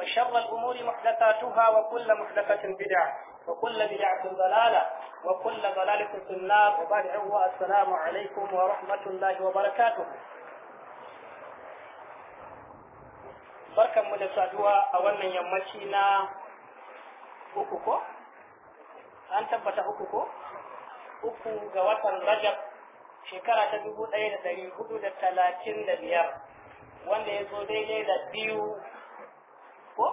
وشر الأمور محدثاتها وكل محدثة بدعة وكل بدعة ضلالة وكل ضلالة في النار وبعد السلام عليكم ورحمة الله وبركاته barkanmu da saduwa a wannan yammaci na an tabbata uku ga watan rajab shekara ta dubu ɗaya da ɗari hudu da talatin da biyar wanda ya zo daidai da biyu ko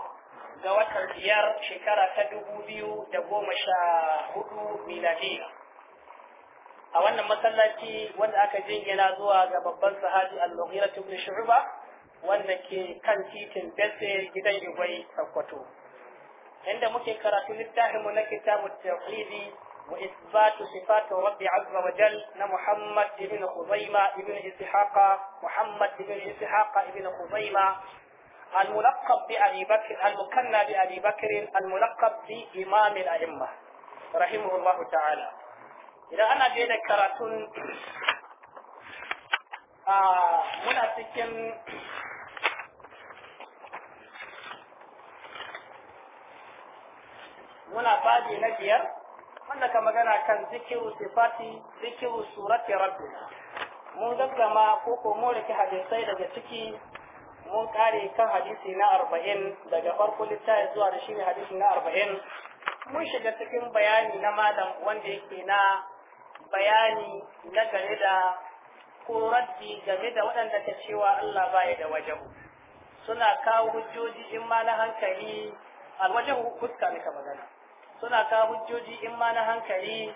ga watan biyar shekara ta dubu biyu da goma sha hudu miladiya a wannan masallaci wanda aka jingina zuwa ga babban sahabi al-mughira ibn shu'ba wanda ke kan titin Besse gidan Igwai Sokoto inda muke karatu littafin mu na kitabut tauhidi wa isbatu sifatu rabbi azza wa jal na Muhammad ibn Khuzaima ibn Ishaqa Muhammad ibn Ishaqa ibn Khuzaima الملقب بأبي بكر المكنى بأبي بكر الملقب بإمام الأئمة رحمه الله تعالى إذا أنا جيد كراتون آه منا سكن muna babi na biyar wanda ka magana kan zikiru sifati zikiru surati rabbina mun gaggama ko ko mu hadisai daga ciki mun kare kan hadisi na arba'in daga farko littafi zuwa da shi ne hadisi na arba'in mun shiga cikin bayani na malam wanda yake na bayani na game da koraddi game da waɗanda ta cewa Allah baya da wajahu suna kawo hujjoji in ma na hankali alwajahu fuska ne ka magana suna kawo hujjoji in ma na hankali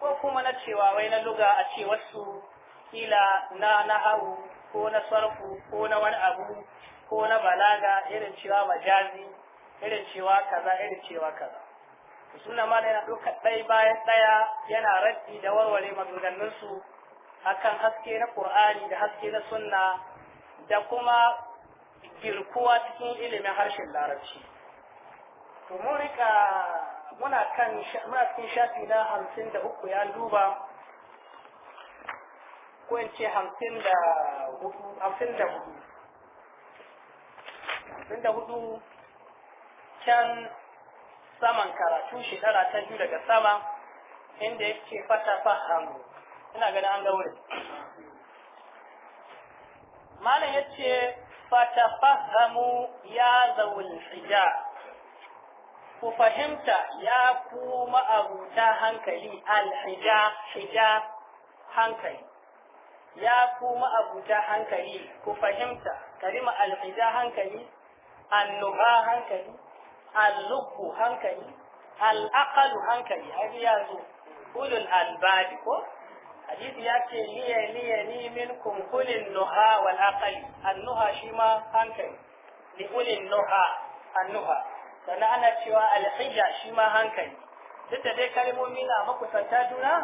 ko kuma na cewa wai na luga a ce wasu kila na hau ko na sarfu ko na wani abu ko na balaga irin cewa majazi irin cewa kaza irin cewa kaza suna ma yana doka ɗai bayan ɗaya yana raddi da warware maganganunsu akan haske na ƙur'ani da haske na sunna da kuma girkuwa cikin ilimin harshen larabci to mun rika muna kan cikin shafi na hamsin da uku ya duba ko in ce hamsin da hudu hamsin da hudu hamsin da hudu can saman karatu shekara ta biyu daga sama inda ya ce fata fahamu ina ganin an ga wurin malam ya ce fata fahamu ya zaul hijab ku fahimta ya kuma abuta hankali al-hija hija hankali ya kuma abuta hankali ku fahimta kalima alhija hankali annuba hankali allubu hankali al'aqalu hankali har ya zo ulul albabi ko hadisi ya ce liya liya ni minkum kulin nuha wal aqali annuha shi ma hankali li ulil nuha annuha sannan ana cewa alhija shi ma hankali duk da dai kalmomi na makusanta juna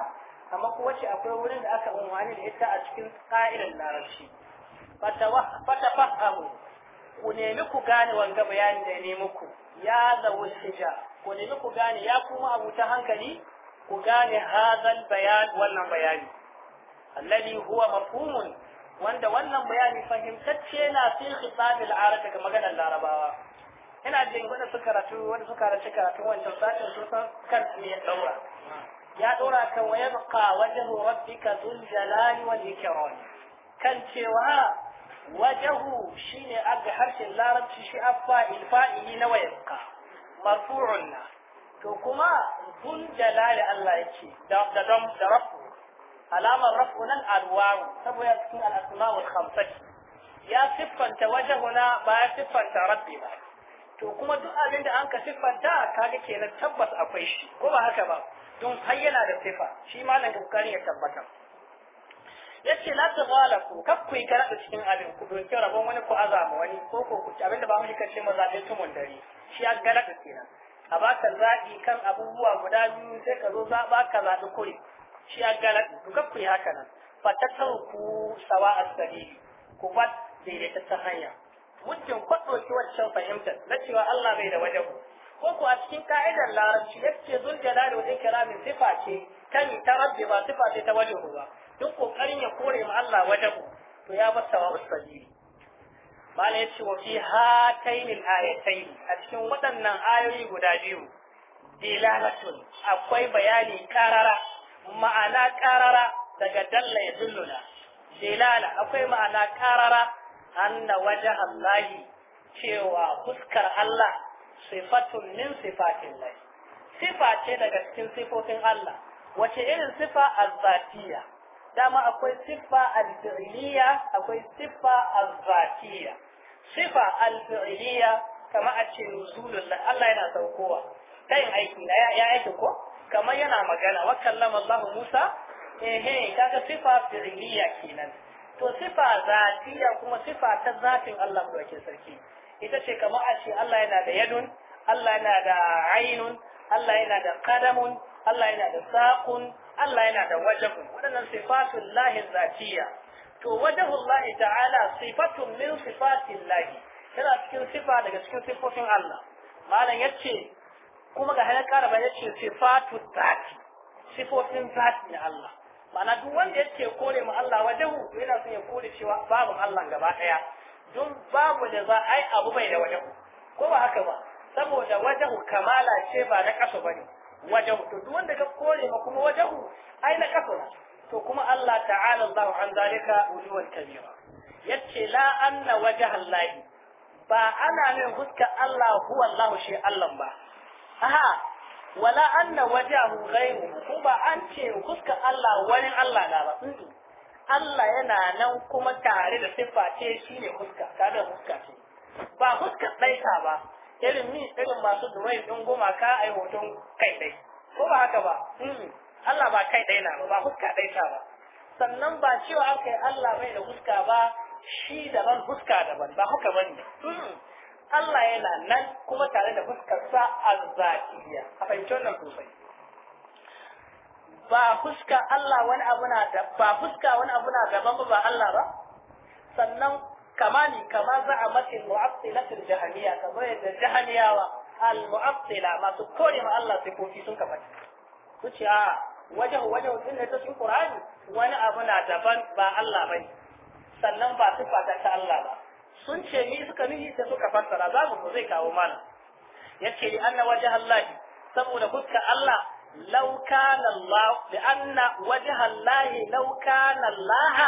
amma kuwa ce akwai wurin da aka umarni da ita a cikin ƙa'idar larabci fata fahamu ku nemi ku gane wanga bayanin da ne muku ya zawul hija ku nemi ku gane ya kuma abu ta hankali ku gane hazal bayan wannan bayani alladhi huwa mafhumun wanda wannan bayani fahimtacce na fi khitabil arab daga maganar larabawa ina jin wanda suka ratu wanda suka karatu wancan satin sun san kan me ya daura يا دورا كو يبقى وجه ربك ذو الجلال والإكرام كان تيوها وجه شين أب حرش لا رب شي أبا إلفاء إلينا ويبقى مرفوع لنا كما ذو الجلال الله يكي دام دام درفو علامة رفونا الأدوار سبو يكون الأسماء الخمسة يا صفا توجهنا با صفا تربنا to kuma duk abin da an ka siffanta kaga kenan tabbas akwai shi ko ba haka ba don har yana da sifa shi malam kokarin ya tabbatar yace la tazalaku kak ku kara da cikin abin ku doke rabon wani ku azama wani ko ko ku abinda ba mu shi kace mu zabe tumun dare shi ya gara kenan a baka zabi kan abubuwa guda biyu sai ka zo zaba ka zabi kure shi ya gara ku kak ku haka nan fa ku sawa as-sabili ku fat ta hanya muddin ki waccan fahimtar na cewa Allah bai da wajen ko ku a cikin ka'idar larabci yace zul jalal wa ikram sifa ce kan ta rabbi ba sifa ce ta wajen ruwa. duk kokarin ya kore ma Allah wajen to ya bar sawa sabili malai yace wa fi hatayn al ayatayn a cikin waɗannan ayoyi guda biyu dilalatun akwai bayani karara ma'ana karara daga dalla ya dulluna dilala akwai ma'ana karara anna wajha Allah cewa fuskar Allah sifatun min sifatin lai sifa ce daga cikin sifofin Allah wace irin sifa azzatiya dama akwai sifa alfi'liya akwai sifa azzatiya sifa alfi'liya kama a ce nuzulun Allah yana saukowa kai aiki na ya aiki ko kamar yana magana wa kallama Allah Musa eh kaga sifa fi'liya kenan to sifa zatiya kuma sifa ta zatin Allah da sarki ita ce kamar a ce Allah yana da yadun Allah yana da ainun Allah yana da qadamun Allah yana da saƙun, Allah yana da wajhun Waɗannan sifatul lahi zatiya to wajhu Allah ta'ala sifatun min sifatil lahi tana cikin sifa daga cikin sifofin Allah malam ce kuma ga hana karaba ce sifatul zati sifofin zati na Allah ma'ana duk wanda yake kore mu Allah wajahu yana son ya kore cewa babu Allah gaba ɗaya dun babu da za ai abu bai da wajen ko ba haka ba saboda wajen kamala ce ba na kaso bane wajen to duk wanda ka kore ma kuma wajen ai na kaso na to kuma Allah ta'ala Allahu an zalika wujuhan kabira yace la anna wajha Allah ba ana min huska Allah huwa Allah shi Allah ba aha wala anna wajahu ghayru ko ba an ce huska Allah wani Allah na ba Allah yana nan kuma tare da siffa ce shi ne huska tare da huska ce ba huskar ɗaika ba irin ni irin masu dumai ɗin goma ka a yi hoton kai ɗai ko ba haka ba hmm. Allah ba kai ɗai na ba ba huska ɗaika ba sannan ba cewa aka yi Allah mai da huska ba shi daban huska daban ba haka ba ne hmm. Allah yana nan kuma tare da huskarsa a zakiya a fahimci wannan sosai ba fuska Allah wani abu na da ba fuska wani abu na daban ba Allah ba sannan kama ni kama za a mace mu'abtilatul jahaniya kamar yadda jahaniyawa al-mu'abtila masu kore ma Allah sai kofi sun kafa su ce a wajen wajen din ne ta cikin Qur'ani wani abu na daban ba Allah bane sannan ba sifa ta Allah ba sun ce ni suka nihi da suka fassara za mu zai kawo mana yace li anna wajha Allah saboda fuska Allah لو كان الله لأن وجه الله لو كان الله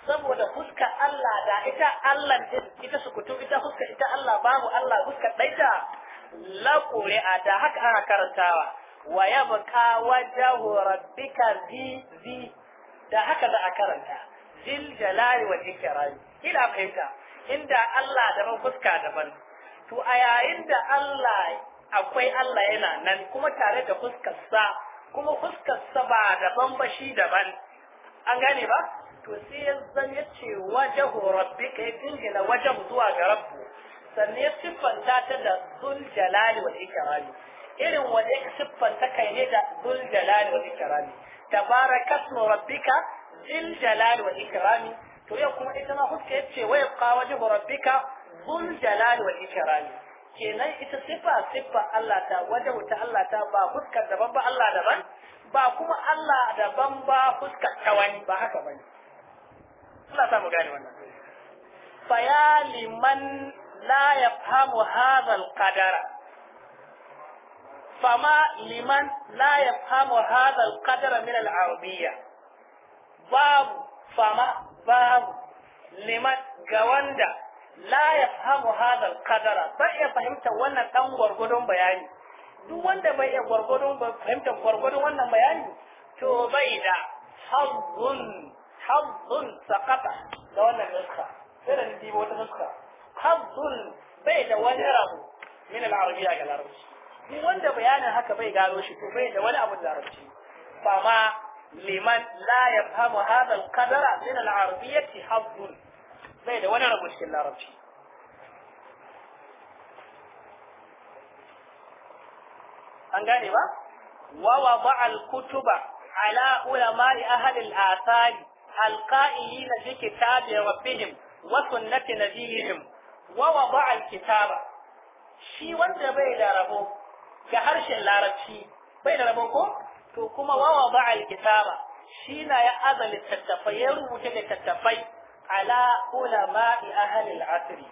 saboda fuska Allah da ita Allah ita sukutu ita fuska ita Allah babu Allah fuska daita la qur'a da haka ana karantawa wa yabqa wajhu rabbika zi zi da haka da a karanta zil jalali wal ikram kila fahimta inda Allah daban fuska daban to a yayin da Allah akwai Allah yana nan kuma tare da fuskarsa kuma fuskarsa ba daban ba shi daban an gane ba to sai ya zan ya ce wajahu ka yi dingina wajahu zuwa ga rabbu sannan ya siffanta ta da zul jalali wal ikrami irin wanda ya siffanta kai ne da zul jalali wal ikrami tabarakasmu rabbika zil jalali wal ikrami to ya kuma ita ma fuska ya ce wa yabqa wajhu rabbika zul jalali wal ikrami kenan ita sifa sifa Allah ta wajen wuta Allah ta ba fuskar daban ba Allah daban ba kuma Allah daban ba fuskar wani ba haka bane Allah ta mu gane wannan fa liman la yafhamu hadha al-qadar fama liman la yafhamu hadha al-qadar min al-arabiyya babu fama babu liman ga wanda لا يفهم هذا القدر qadara فهمت ya fahimta wannan dan gwargwadon bayani duk wanda bai ya gwargwadon fahimta gwargwadon wannan bayani to bai da hazzun hazzun saqata da wannan nuska sai da dibo wata nuska hazzun bai da wani rabu min al-arabiyya ga larabci duk wanda bayanin haka bai gano shi to bai da wani abu da larabci ba ma liman la yafhamu hadha al-qadara min al-arabiyyati hazzun bai da wani rabu cikin larabci an gane ba wa wada al-kutuba ala ulama'i ahli al-athari القائلين بكتاب ربهم وسنة نبيهم ووضع kitaba shi wanda bai da rabo ga harshen larabci bai da rabo ko to kuma wawa ba kitaba shi na ya azali tattafai ya rubuta da tattafai ala ulama'i ahlil asri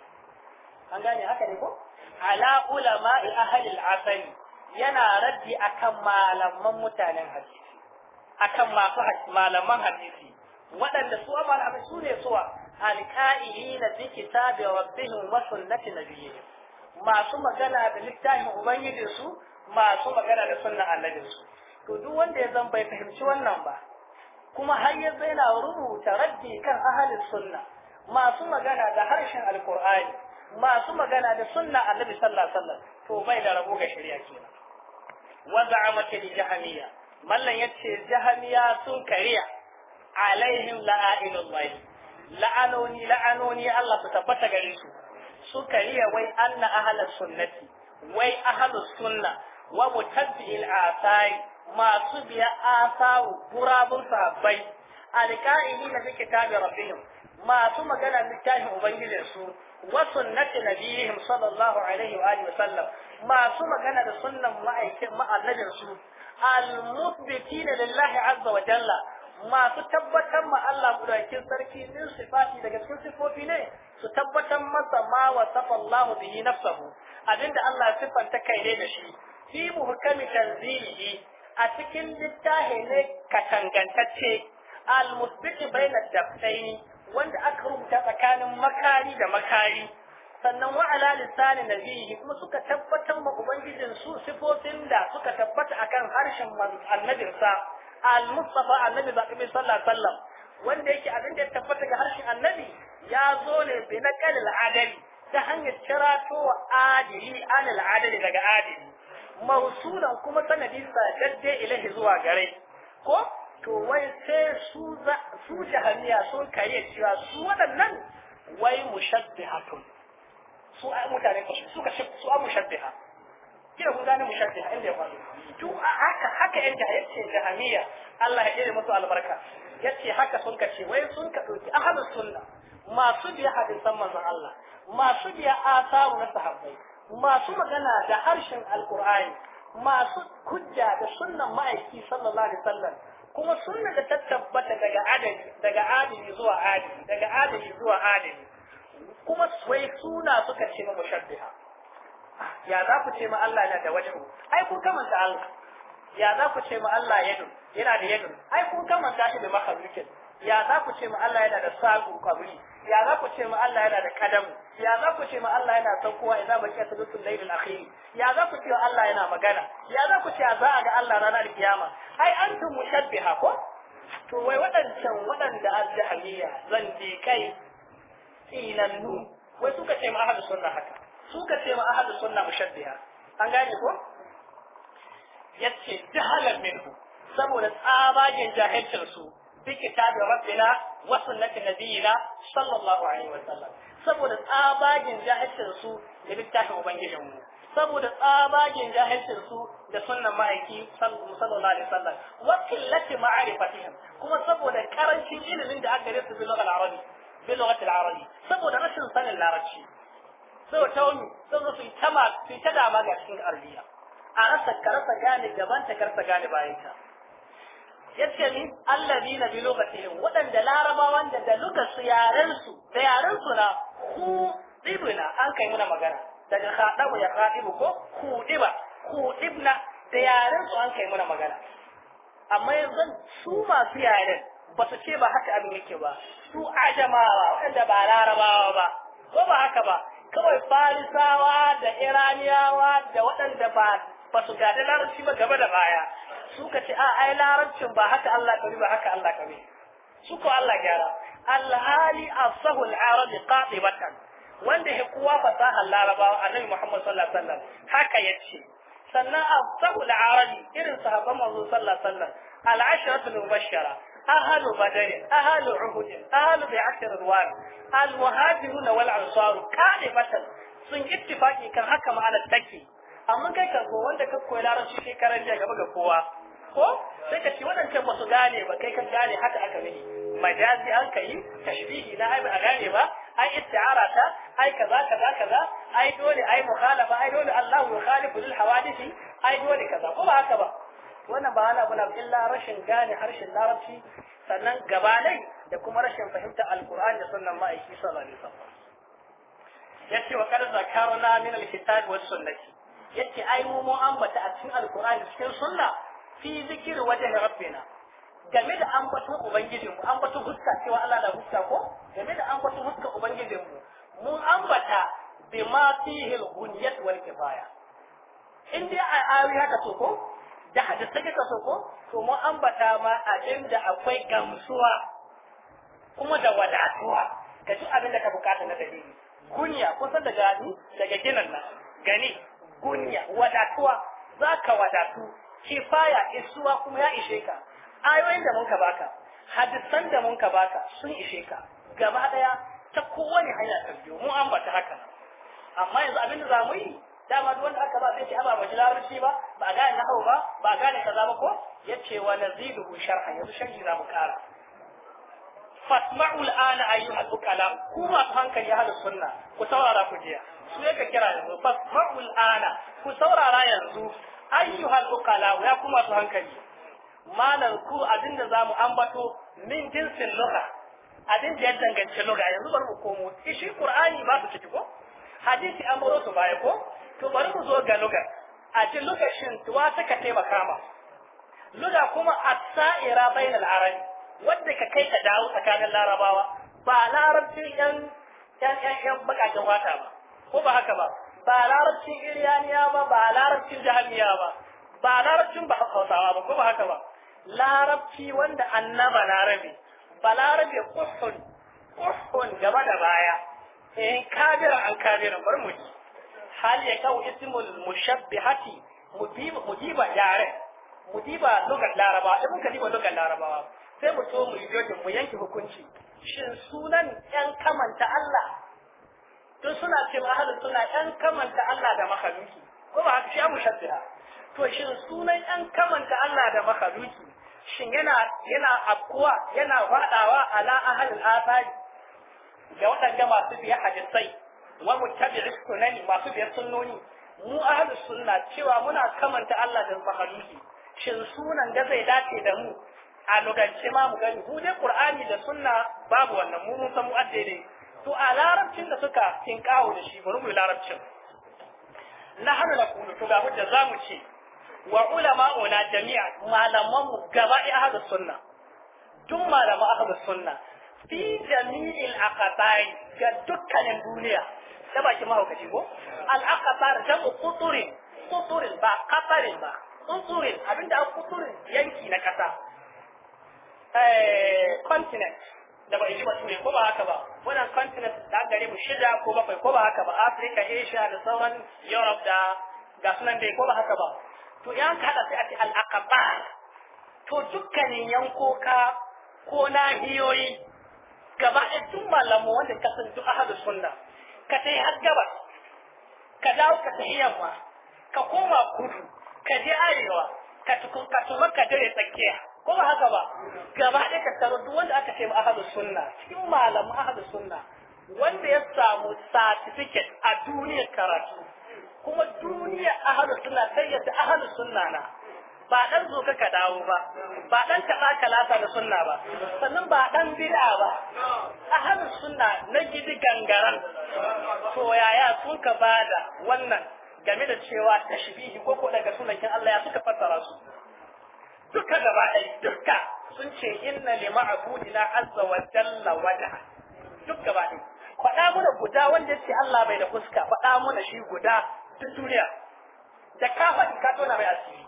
an gane haka ne ko ala ulama'i ahlil asri yana raddi akan malaman mutanen hadisi akan masu malaman hadisi waɗanda su amal abin su ne suwa alka'ihi na bi wa rabbihim wa sunnati nabiyyi masu magana da littafin ubangijinsu masu magana da sunnan annabinsu to duk wanda ya zan bai fahimci wannan ba kuma har yanzu yana rubuta raddi kan ahalin sunna masu magana da harshen alkur'ani masu magana da sunna annabi sallallahu alaihi wasallam to bai da rabo ga shari'a kenan wa za'ama ta jahamiya mallan yace jahamiya sun kariya alaihim la'ainullahi la'anoni la'anoni Allah su tabbata gare su su kariya wai anna ahlus sunnati wai ahlus sunna wa mutabbi'il asai masu biya asawu turabun sabai alƙa'ili na fi kitabi rabbihim masu magana littafin ubangijin su wa sunnati nabiyihim sallallahu alaihi wa alihi wasallam masu magana da sunnan ma'aikin ma'annabin su al-muthbitina lillahi azza wa jalla masu tabbatar ma Allah gudakin sarki din sifati daga cikin sifofi ne su tabbatar masa ma wa safallahu bihi nafsahu abinda Allah sifanta kai ne da shi fi muhkami tanzilihi a cikin littafi ne katangantacce al-musbiti baina daftaini wanda aka rubuta tsakanin makari da makari sannan wa'ala ala lisani nabihi kuma suka tabbatar ma ubangijin su sifofin da suka tabbata akan harshen annabinsa? sa al-mustafa annabi ba sallallahu alaihi wasallam wanda yake abin da ya tabbata ga harshen annabi ya zo ne bi na al-adali ta hanyar cirato adili an adali daga adili mausulan kuma sanadi sadadde ilahi zuwa gare ko to wai sai su su jahamiya sun kai cewa su waɗannan wai mushabbihatun su a mutane ko su ka su a mushabbiha kira kun gane mushabbiha inda ya faru to haka haka yan jahamiya Allah ya jere musu albarka yace haka sun kace wai sun ka dauki ahlus sunna masu biya hadisan manzon Allah masu biya asaru na sahabbai masu magana da harshen alkur'ani masu kujja da sunnan ma'aiki sallallahu alaihi wasallam kuma sunna da ta tabbata daga adali daga adali zuwa adali daga adali zuwa adali kuma wai suna suka ce mu mushabbiha ya za ku ce ma Allah yana da wajhu ai kun kamanta Allah ya za ku ce ma Allah yana yana da yadu ai kun kamanta shi da makhluqin ya za ku ce ma Allah yana da sagu kabiri ya za ku ce ma Allah yana da kadamu ya za ku ce ma Allah yana kowa saukowa ina baki a sun laifin akhiri ya za ku ce Allah yana magana ya za ku ce za a ga Allah ranar kiyama ai an tun mushabbiha ko to wai waɗancan waɗanda azjahaliya zan je kai tsinannu wai suka ce ma ahlus sunna haka suka ce ma ahlus sunna mushabbiha an gane ko yace jahalan minhu saboda tsabagen jahilcin su بكتاب ربنا وسنة نبينا صلى الله عليه وسلم saboda tsabagen jahilcin su da littafin ubangijin mu saboda tsabagen jahilcin su da sunnan ma'aiki sallallahu alaihi wasallam wa qillati ma'rifatihim kuma saboda karancin ilimin da aka rasu bil arabi bil arabi saboda rashin sanin larabci saboda ta wani saboda su ta ma ta dama ga cikin arabiya a rasa karasa gane gaban ta karasa gane bayan ta yace ni na bi lokacin wadanda larabawan da da lugasu yaran su da yaran su na ku dibna an kai muna magana daga khadabu ya khadibu ko ku diba ku dibna da yaran su an kai muna magana amma yanzu su masu yaren ba su ce ba haka abin yake ba su ajamawa wadanda ba larabawa ba ko ba haka ba kawai farisawa da iraniyawa da waɗanda ba ba su gada larabci ba gaba da baya suka ce a ai larabcin ba haka Allah kabi ba haka Allah kabi suka Allah gyara alhali asahu al-arab qatibatan wanda ya kuwa fasaha larabawa annabi Muhammad sallallahu alaihi wasallam haka yace sannan asahu al-arab irin sahabban manzo sallallahu alaihi wasallam al-ashratu al-mubashshara أهل بدر أهل عهد أهل بيعة الروان المهاجرون والأنصار كالبة sun ittifaki kan haka ma'anar take amma kai ka wanda ka koyi larabci kai karan jiya gaba ga kowa ko sai ka ci waɗancan ba su gane ba kai kan gane haka aka nufi majazi an ka yi tashbihi na ai ba a gane ba ai isti'ara ta ai kaza kaza kaza ai dole ai mukhalafa ai dole Allah yukhalifu lil hawadisi ai dole kaza ko ba haka ba wannan ba ana abu na illa rashin gane harshen larabci sannan gabanai da kuma rashin fahimta alkur'ani da sunnan ma'aiki sallallahu alaihi wasallam yace wa kad zakarna min alkitab was sunnati yace ai mu mu ambata a cikin alkur'ani cikin sunna fi zikir wajen rabbina game da ambaton ubangijin mu ambaton huska cewa Allah na huska ko game da ambaton huska ubangijin mu mun ambata ma fihi al-ghunyat wal kifaya in dai a awi haka to ko da hadisi ka so ko to mun ambata ma a da akwai gamsuwa kuma da wadatuwa ka ji abin da ka bukata na dalili gunya san daga ni daga ginan nan gani gunya wadatuwa zaka wadatu kifaya isuwa kuma ya ishe ka ayoyin da ka baka hadisan da ka baka sun ishe ka gaba daya ta kowane hanya ta biyo mu an haka amma yanzu abinda da za mu yi dama duk wanda aka ba sai ce aba ba larabci ba ba ni nahawu ba ba ni kaza ba ko yace wa naziduhu sharha yanzu sharhi za mu kara fasma'u al'ana ayyuha al-uqala ku masu hankali ahli sunna ku saurara ku jiya su yake kira yanzu fasma'u al'ana ku saurara yanzu ayyuhal ukala ya kuma su hankali malan ku abinda zamu ambato min jinsin lugha abin da ya danganci lugha yanzu bari mu komo shi qur'ani ba su ciki ko hadisi an baro su baya ko to bari mu zo ga lugha a cikin lokacin tuwa suka taimaka ma lugha kuma as-sa'ira bainal arab wadda ka kai ka dawo tsakanin larabawa ba larabcin yan yan yan bakakin wata ba ko ba haka ba ba larabcin iriyaniya ba ba larabcin jahaniya ba ba larabcin ba hausawa ba ko ba haka ba larabci wanda annaba larabe ba larabe kuhun kuhun gaba da baya in eh, kabira an kabira bar mu ji hal ya kawo ismul mushabbihati mujiba yare mujiba lugar laraba in muka diba lugar larabawa sai mu so mu yi mu yanke hukunci shin sunan yan kamanta Allah tun suna ce ma ahlus sunna ɗan kamanta Allah da makhluki ko ba haka shi abu shabbiha to shin sunan ɗan kamanta Allah da makhluki shin yana yana afkuwa yana fadawa ala ahlul asari ga waɗanda masu biya hadisai wa muttabi'is sunani masu biya sunnoni mu ahlus sunna cewa muna kamanta Allah da makhluki shin sunan da zai dace da mu a lugance ma mu gani mu dai qur'ani da sunna babu wannan mu mun san mu addai to a larabcin da suka kawo da shi bari mu larabcin nahnu naqulu to ga hujja zamu ce wa ulama'una jami'a malaman mu gaba'i ahlus sunna tun malama ahlus sunna fi jami'il aqatai ga dukkanin duniya da baki mahaukaci ko al aqatar jam'u quturin quturin ba qatarin ba quturin abinda quturin yanki na kasa eh continent da bai ji bature ko ba haka ba wannan continent da gare mu shida ko bakwai ko ba haka ba Africa Asia da sauran Europe da ga sunan dai ko ba haka ba to yan kada sai a ce al-aqaba to dukkanin yankoka ko nahiyoyi gaba da tun malamu wanda ka san duk ahadu sunna ka sai har gabas ka dawo ka sai yamma ka koma kudu ka je arewa ka tukun ka tuma ka dare tsakiya ko ba haka ba gaba ɗaya ka taro duk wanda aka ce ma ahlus sunna cikin malaman ahlus sunna wanda ya samu certificate a duniyar karatu kuma duniyar ahlus sunna sai ya ta ahlus sunna na ba dan zo ka dawo ba ba dan kaɗa kalasa da sunna ba sannan ba dan bid'a ba ahlus sunna na gidi gangaran to yaya sun ka bada wannan game da cewa tashbihi ko ko daga sunan Allah ya suka fassara su duka gaba ɗaya duka sun ce inna li ma'budina azza wa jalla wada duk gaba ɗaya faɗa muna guda wanda ya ce Allah bai da fuska faɗa muna shi guda duk duniya da ka faɗi ka tona mai asiri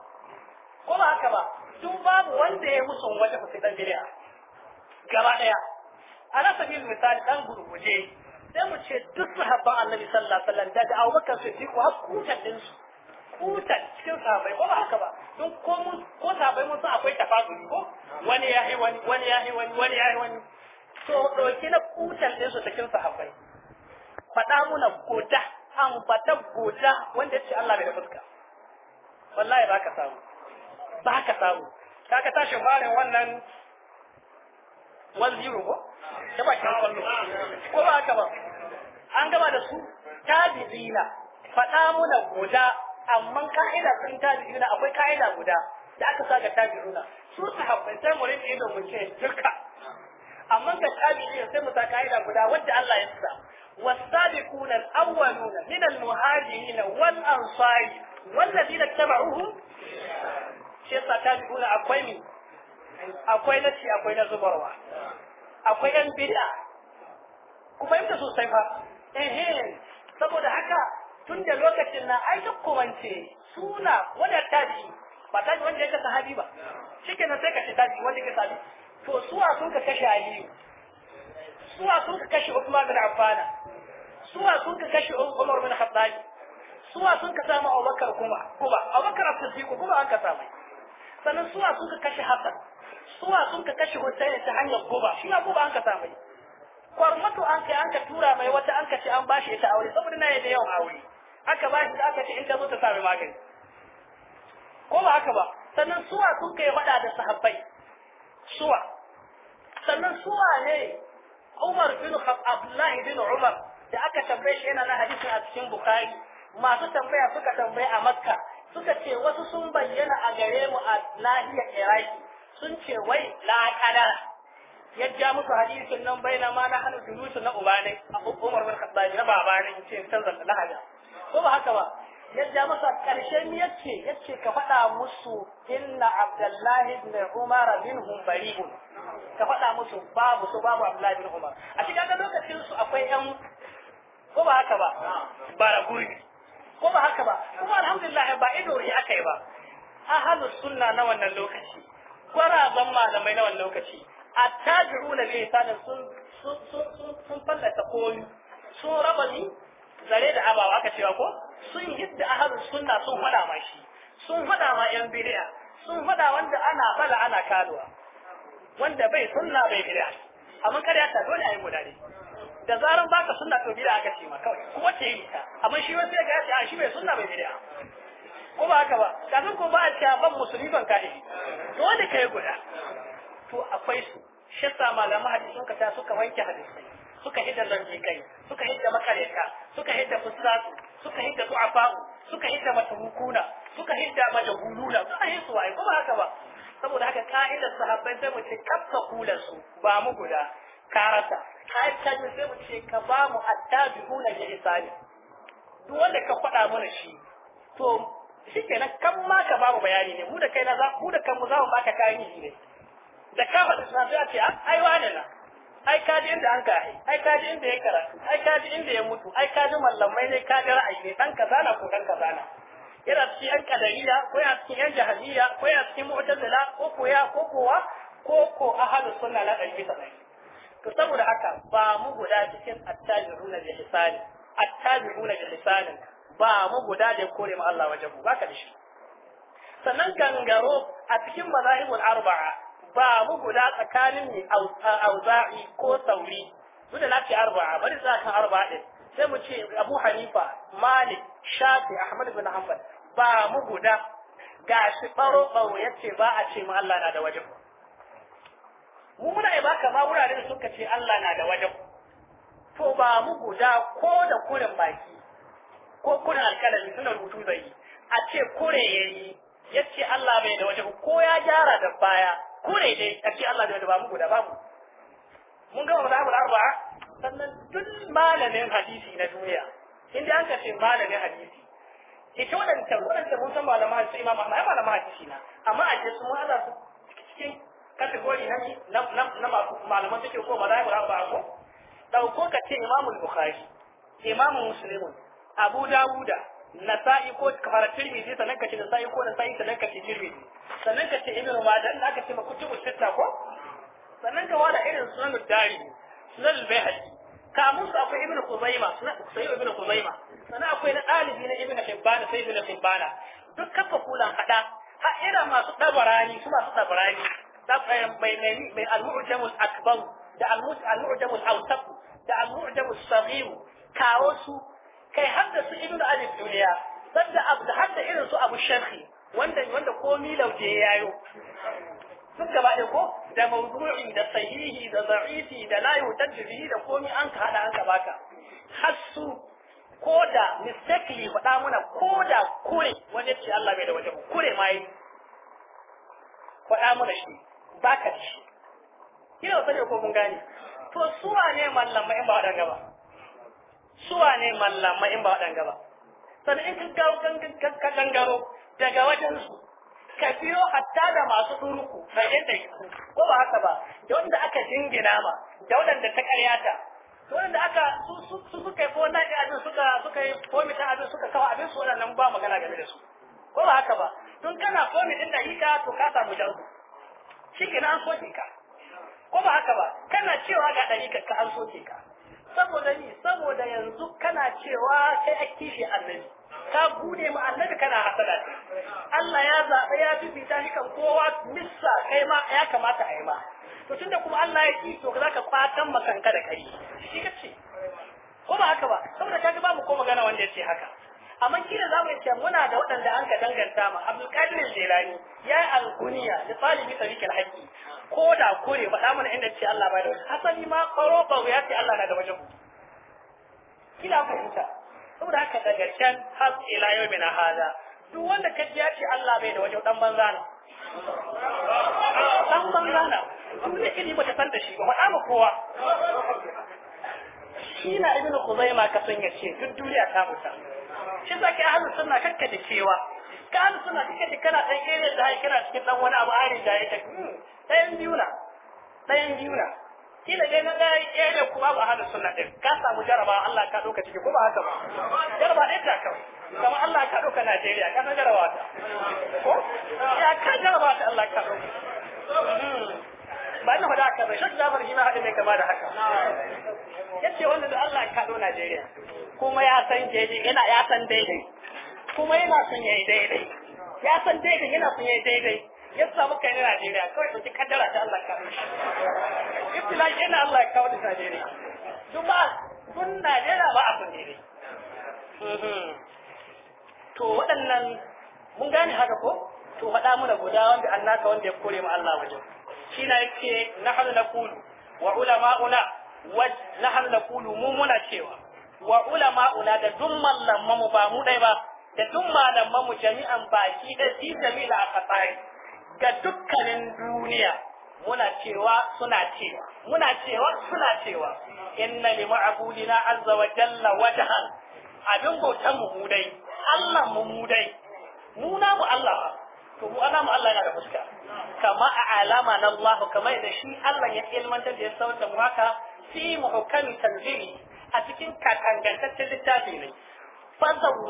ko ba haka ba tun babu wanda ya musu wata fuska dan bid'a gaba ɗaya ala sabil misali dan gurguje sai mu ce duk sahabban annabi sallallahu alaihi wasallam da Abubakar Siddiq har kutan din su kutan cikin sahabbai ko ba haka ba duk ko mu ko sabai mun san akwai tafazuri ko wani ya yi wani wani ya yi wani wani ya yi wani to dauki na kutan da su cikin sahabbai faɗa muna goda ambata goda wanda ya ce Allah bai da fuska wallahi ba ka samu ba ka samu ka ka tashi farin wannan zero ko da ba kan kwallo ko ba ka ba an gaba da su tabi'ina faɗa muna goda amma ka'ida sun tabi'una akwai ka'ida guda da aka sa tabi tabi'una su sahabbai sai mu rinke da mu ce duka amma ga tabi'in sai mu sa ka'ida guda wanda Allah ya sa والسابقون الأولون من المهاجرين والأنصار والذين akwai شيء Akwai na ci akwai na أقوي Akwai 'yan أنبياء kuma yadda sosai fa? ehe saboda haka tun da lokacin na ai duk kumance suna wanda tashi ba tashi wanda yake sahabi ba shike na sai ka ci tashi wanda yake sahabi to suwa sun ka kashe aliyu suwa sun ka kashe Uthman bin Affan suwa sun ka kashe Umar bin Khattab suwa sun ka samu Abubakar kuma kuma Abubakar Siddiq kuma an ka samu sannan suwa sun ka kashe Hassan suwa sun ka kashe Hussein ta hanyar kuma shi ma kuma an ka samu kwarmato an kai an ka tura mai wata an ka an bashi ita aure saboda na yi da yawan aure aka ba shi aka ce in ta sami magani ko ba haka ba sannan suwa sun kai faɗa da sahabbai suwa sannan suwa ne Umar bin Abdullahi bin Umar da aka tambaye shi yana na hadisin a cikin Bukhari masu tambaya suka tambaye a Makka suka ce wasu sun bayyana a gare mu a nahiyar Iraki sun ce wai la kadara yadda musu hadisin nan bai na ma na hana julusu na ubanai a umar bin khattabi na babanai ce san lahaja ko ba haka ba yadda masa karshen yace yace ka faɗa musu inna abdullahi ibn umar minhum bari'un ka faɗa musu babu su babu abdullahi ibn umar a cikin lokacin su akwai yan ko ba haka ba bara gurbi ko ba haka ba kuma alhamdulillah ba ido ne aka yi ba ahlus sunna na wannan lokaci gwarazan malamai na wannan lokaci a bi ihsanin sun sun sun sun fallata koyu sun raba ni zare da abawa aka cewa ko sun yi da ahalu sunna sun faɗa ma shi sun faɗa ma yan bid'a sun faɗa wanda ana bala ana kaluwa wanda bai sunna bai bid'a amma kada ta dole ayi mudare da zaran baka sunna to bid'a aka ce ma kawai kuma ce yi ta amma shi wani sai ga ya ce a ah, shi bai sunna bai bid'a ko ba haka ba kafin ko ba a ce ah, ban musulmi ban kaɗi dole kai guda to akwai su shi sa malaman hadisi suka ta suka wanke hadisai suka hidda zanjikai suka hidda makareta suka hidda fusatu suka hidda du'afa suka hidda matrukuna suka hidda majahuluna suka yi su waye kuma haka ba saboda haka ka'idar sahabbai sai mu ce kafa kulan su ba mu guda karata ka'idar sai mu ce ka ba mu attabi'una ya isani duk wanda ka faɗa mana shi to shi ke kan ma ka mu bayani ne mu da kai na za mu da kanmu za mu baka kayan yi ne da ka da sunan sai a ce ai wane na ai ka ji inda an kai ai ka ji inda ya karatu ai ka ji inda ya mutu ai ka ji mallamai ne ka ji ra'ayi ne dan kazana ko dan kazana. na yana cikin yan kadariya ko ya cikin yan jahiliya ko ya cikin mu'tazila ko ko ko kowa ko ko ahadu sunna na ɗari bisa ɗari to saboda haka ba mu guda cikin attajiruna da hisani attajiruna da hisani ba mu guda da kore ma Allah wajen ba ka da sannan gangaro a cikin mazahibul arba'a ba mu guda tsakanin mai auza'i ko sauri duk da na ce arba'a bari za ka arba'a din sai mu ce abu hanifa malik shafi ahmad bin hanbal ba mu guda ga shi baro bawo yace ba a ce mu Allah na da wajen mu muna yi baka ma wuraren suka ce Allah na da wajen to ba mu guda ko da kurin baki ko kurin alkalami suna rubutu zai a ce kure yayi yace Allah bai da wajen ko ya gyara da baya ku ne dai ake Allah da ba mu guda ba mu mun gama mazhabul arba'a sannan duk malamin hadisi na duniya inda an kace malamin hadisi ita wadanta wadanta mun san malaman hadisi imam Ahmad malaman hadisi na amma a cikin mu Allah su cikin kategori na na na malaman take ko mazhabul arba'a ko dauko kace imam al-bukhari imam muslim abu dawuda nasa'i ko ka fara tirmidhi sannan ka ce nasa'i ko nasa'i sannan ka ce tirmidhi sannan ka ce ibnu majah da aka ce ma kutubu sitta ko sannan ka wada irin sunan dari sunan al-bayhaqi ka musu akwai ibnu khuzaima sunan sai ibnu khuzaima sannan akwai na dalibi na ibnu hibban sai ibnu hibban duk kafa kulan hada ha ira masu dabarani su masu dabarani mai mai mai al-mu'jam al-akbar da al-mu'jam al-awsat da al-mu'jam al-saghir kawo su kai har da su ibnu alif duniya sanda abu da har da irin su abu sharhi wanda wanda komi lauje yayo duk gaba da ko da mawdu'i da sahihi da da'ifi da la yutajjibi da komi an ka hada an ka baka har su koda mistakenly faɗa muna koda kure wanda ce Allah bai da wajen kure mai yi faɗa muna shi baka shi kina sanin da ko mun gane to suwa ne mallamai in ba waɗanda ba suwa ne mallamai in ba waɗanga ba sannan in ka gangaro daga wajensu ka biyo hatta da masu turuku da yadda ko ba haka ba da wanda aka jingina ma da wanda ta karyata wanda aka su suka yi ko na ji abin suka suka yi komitin abin suka kawo abin su waɗannan ba magana game da su ko ba haka ba tun kana komitin da hika to ka samu jaru shi kina an soke ka ko ba haka ba kana cewa ga ɗari ka an soke ka saboda ni saboda yanzu kana cewa kai a kishi annabi ka bude ma annabi kana hasada Allah ya zaɓa ya bibita shi kan kowa missa kai ma ya kamata a yi ma to tunda kuma Allah ya ki to zaka fatan makanka da kai shi kace ko ba haka ba saboda ka ba mu ko magana wanda yace haka amma kila za mu ce muna da waɗanda an ka danganta ma abdulkadir jilani ya yi alkuniya da talibi tarikil haƙƙi ko da kure faɗa mana inda ce Allah ba da asali ma ƙwaro ba ya ce Allah na da wajen kila fahimta saboda haka daga can has ila yau mina hada duk wanda ka ya ce Allah bai da wajen dan banza na dan banza na kuma da ilimi ba san da shi ba faɗa ma kowa shi na ibnu khuzaima ka son ya ce duk duniya ta mutu shi sa kai ahlus suna kakka da cewa ka ahlus suna kake da kana dan area da kana cikin ɗan wani abu ari da ta. Hmm, ɗayan biyu na ɗayan biyu na shi da dai na ga area kuma ba ahlus suna din ka samu jaraba Allah ka ɗauka ciki ko ba haka ba jaraba ɗin ta kawai kamar Allah ka ɗauka Najeriya ka san jaraba ta ko ya ka jaraba ta Allah ka ɗauka? Hmm. ba ina faɗa haka ba shi Jafar shi ma haɗin mai kama da haka yace wanda da Allah ka dauka Najeriya kuma ya san ne ina ya san daidai kuma yana son yayi daidai ya san daidai yana sun yayi daidai ya samu kai na Najeriya kawai ɗauki kaddara ta Allah ka ibtila'i yana Allah ya kawo da Najeriya duk ba kun Najeriya ba a son daidai mm-hmm. to waɗannan mun gane haka ko to faɗa mana guda wanda annaka wanda ya kore mu Allah wajen shi na yake nahnu naqulu wa ulama'una wa nahnu naqulu mu muna cewa wa ulama'una da duk nan mu ba mu dai ba da duk malaman mu jami'an baki da fi jami'a a kasai ga dukkanin duniya muna cewa suna cewa muna cewa suna cewa inna li ma'budina azza wa jalla wajha abin bautan mu dai Allah mu dai mu na mu Allah to mu ana mu Allah yana da fuska kama a alama na Allah kamar da shi Allah ya ilmantar da ya sauta mu haka fi muhkami tanzili a cikin katangantaccen littafi ne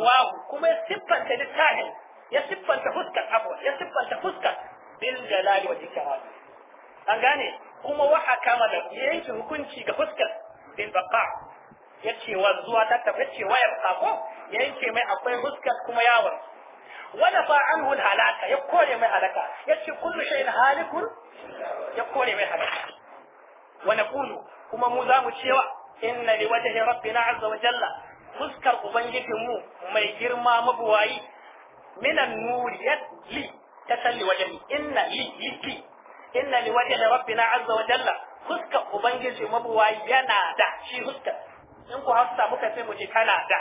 wahu kuma ya siffanta littafin ya siffanta fuskar abu ya siffanta fuskar bil jalali wa ikram an gane kuma waha kama da yanke hukunci ga fuskar bil baqa ce wa zuwa ta tafi ce wa sako ya yanke mai akwai fuskar kuma yawon wada fa anhu halaka ya kore mai halaka ce kullu shay'in halikun ya kore mai halaka wa naqulu kuma mu za mu cewa inna li wajhi rabbina azza wa jalla fuskar ubangijinmu mai girma mabuwayi minan nuriyat li tasalli wajhi inna li inna li wajhi rabbina azza wa jalla fuskar ubangiji mabuwayi yana da shi fuskar in ku hausa muka sai mu kana da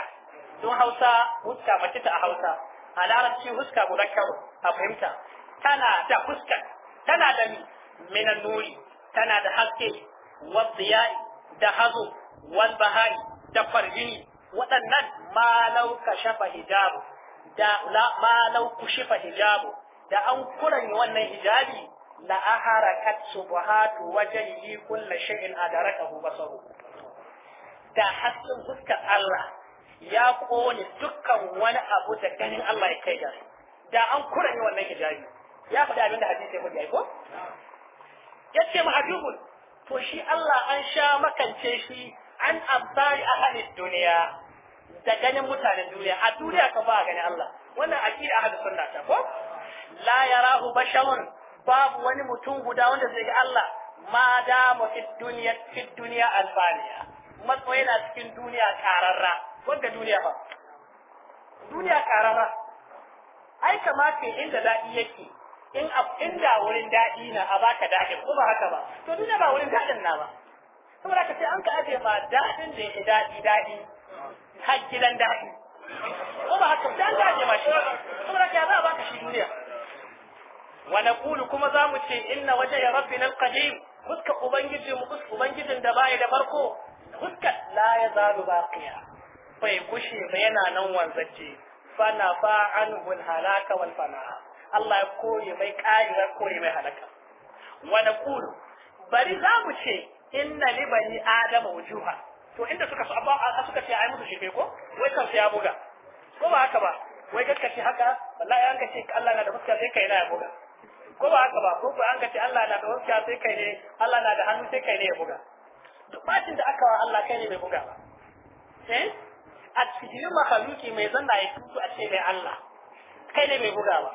don hausa fuska mace a hausa a larabci fuska muzakkar a fahimta tana da fuskar tana da minan tana da haske wa da hazo wal bahari da farjini waɗannan malau kashafa hijabu da la malau kushifa hijabu da an kuranye wannan hijabi la aharakat subuhatu wajhihi kullu shay'in adarakahu basaru da hasken fuskar Allah ya kone dukkan wani abu da ganin Allah ya kai da da an kuranye wannan hijabi ya faɗi abin da ya faɗi ko yace to shi Allah an sha makance shi an a ahalin duniya da ganin mutanen duniya a duniya ka ba gani Allah wannan akida ahli sunna ta ko la yarahu basharun babu wani mutum guda wanda zai ga Allah ma mu fi duniya fi duniya albaniya matsayi yana cikin duniya kararra wanda duniya ba duniya kararra ai kamata inda dadi yake in inda wurin dadi na a baka dadi kuma haka ba to duniya ba wurin dadin na ba saboda ka sai an ka ajiye ma daɗin da yake daɗi daɗi har gidan daɗi ko ba haka da an ka ajiye ma shi saboda ka za a baka shi duniya wa naqulu kuma za mu ce inna wajha rabbina alqadim fuskar ubangiji mu ubangijin da bai da farko fuskar la ya zalu baqiya bai kushe ba yana nan wanzace fana fa anhu alhalaka wal fana Allah ya koyi mai ƙari ya koyi mai halaka wa naqulu bari za mu ce inna li bani adama wujuha to inda suka so abba suka ce ai musu shi ko wai kan ya buga ko ba haka ba wai kanka ce haka wallahi an kace Allah na da fuska sai kai na ya buga ko ba haka ba ko ba an kace Allah na da fuska sai kai ne Allah na da hannu sai kai ne ya buga duk bacin da aka wa Allah kai ne mai buga ba eh a cikin makhluki mai zanna ya tutu a ce mai Allah kai ne mai buga ba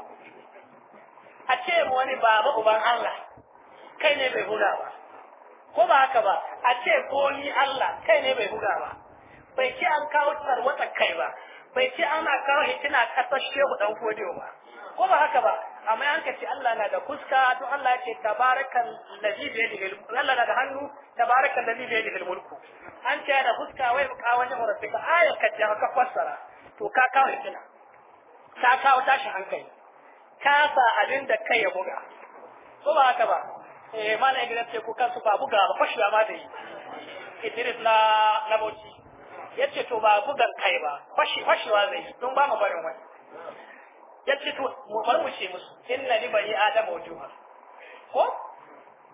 a ce mu wani baba uban Allah kai ne mai buga ba ko ba haka ba a ce ko ni Allah kai ne bai buga ba bai ce an kawo tarwata kai ba bai ce ana kawo hitina kasar shehu dan fodiyo ba ko ba haka ba amma an ka ce Allah na da kuska to Allah ya ce tabarakan ladhi bi yadihi Allah na da hannu tabarakan ladhi bi yadihi mulku an ce da kuska wai ka wajen rabbika ayat ka da ka fassara to ka kawo hitina ka kawo tashi hankali ka sa abin da kai ya buga ko ba haka ba eh mala igres ce ko kansu ba buga ba fashiya ma da yi idris na na bauchi ce to ba bugan kai ba fashi fashiwa zai yi don ba mu barin wani ce to mu bar mu ce musu inna li bani adam wujuha ko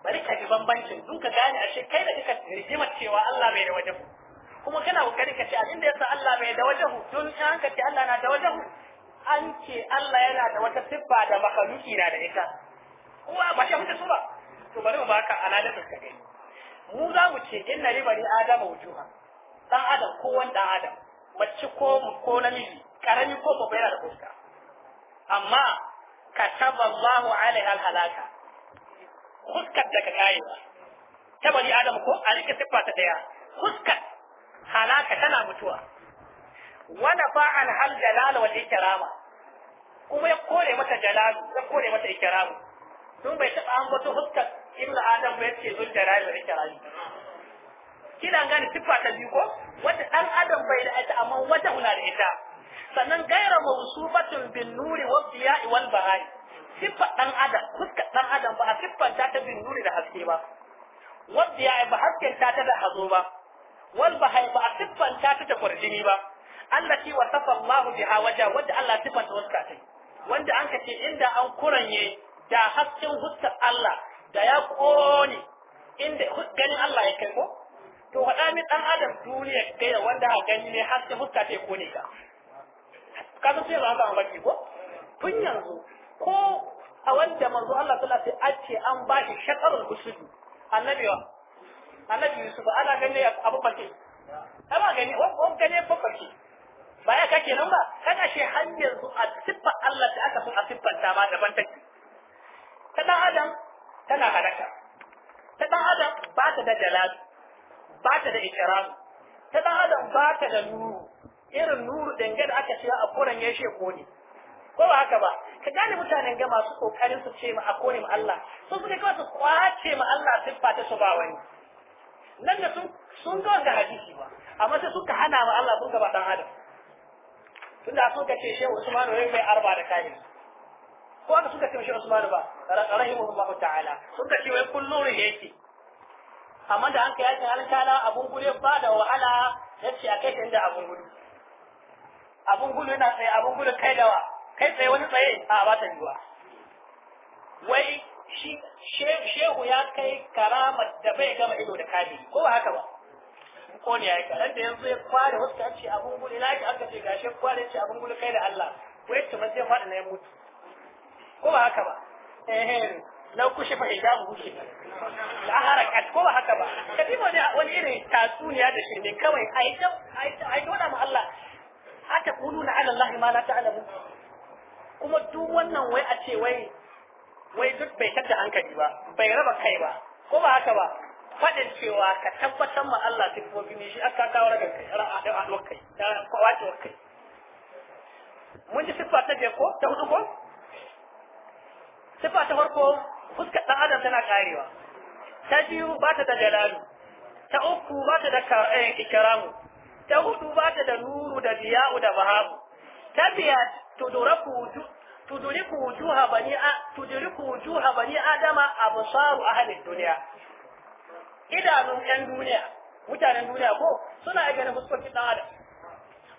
bari ka ji bambancin dun ka gane ashe kai da kika rigima cewa Allah bai da wajahu kuma kana kokari ka ce abin da yasa Allah bai da wajahu don an ka ce Allah na da wajahu an ce Allah yana da wata siffa da makaluki na da ita kuma ba shi hukunta ba to bari mu baka analysis ka gani mu za mu ce inna li bani adama wujuha dan adam ko wanda adam mace ko ko namiji karami ko babba yana da fuska amma kataba Allahu alaiha alhalaka fuskar da ka kayewa ta bari adam ko a rike siffa ta daya fuskar halaka tana mutuwa wanda an hal jalal wal ikrama kuma ya kore mata jalalu ya kore mata ikrama dun bai taba an wato fuskar ibn adam yake ce zun jarayi yake rayuwa? kina gane siffa ta biyu ko wata dan adam bai da ita amma wata una da ita sannan gaira mawsubatun bin nuri wa biya'i wal bahari siffa dan adam fuskar dan adam ba a siffanta ta bin nuri da haske ba wa biya'i ba hasken ta ta da hazo ba wal bahari ba a siffanta ta da kurjini ba allati wasafa Allah biha waja wanda Allah siffanta wasu ta wanda an kace inda an kuranye da hasken huskar Allah da ya kone inda ganin Allah ya kai ko to faɗa min ɗan adam duniyar gaya wanda a gani ne har sai fuska ta kone ka ka san sai ba ka baki ko tun yanzu ko a wanda manzo Allah sallallahu alaihi wasallam ce an ba shi shakarul husudu annabi wa annabi Yusuf ana gani abu bace ana gani ko gani ko bace ba ya kake nan ba kana shi har yanzu a sifar Allah da aka sun a ta ma daban take ta dan adam tana halaka ta dan adam ba ta da jalal ba ta da ikram ta dan adam ba ta da nuru irin nuru dange da aka cewa a koran ya sheko ne ko ba haka ba ka gane mutanen ga masu kokarin su ce ma a kone mu Allah sun suke kawai su kwace ma Allah siffa ta su ba wani nan da sun sun ga ga hadisi ba amma sai suka hana ma Allah sun ga ba dan adam tunda sun ka ce shehu Usman ne mai arba da kai ko aka suka kashe Usman ba rahimahullahu ta'ala suka ce wai kullu ruhe yake amma da an kai yakin alkala abun gudu ba da wahala yace a kai inda abun gudu abun gudu yana tsaye abun gudu kai dawa kai tsaye wani tsaye a ba ta jiwa wai shehu ya kai karama da bai gama ido da kabi ko ba haka ba ko ne yi karan da yanzu ya kware wasu ta ce abun gudu laki aka ce gashi kware ce abun gudu kai da Allah wai ta mace faɗi na ya mutu ko ba haka ba eh lau kushe fa hijabu kushe la harakat ko ba haka ba kafi wani wani irin tatsuniya da shi ne kawai ai da ai da mu Allah ata kuluna ala Allah ma la ta'lamu kuma duk wannan wai a ce wai wai duk bai tada hankali ba bai raba kai ba ko ba haka ba faɗin cewa ka tabbatar ma Allah sifofi ne shi aka kawo raga kai ra'a da kai da kwawace kai mun ji siffa ta je ko ta hudu ko sifa ta farko fuskar ɗan adam tana karewa ta biyu ba ta da jalalu ta uku ba ta da eh, ikiramu ta hudu ba ta da nuru da biya'u da bahabu ta biyar tuduriku ha bani adama, wujuha bani adama hannun duniya idanun 'yan duniya mutanen duniya ko suna iya ganin fuskoki ɗan adam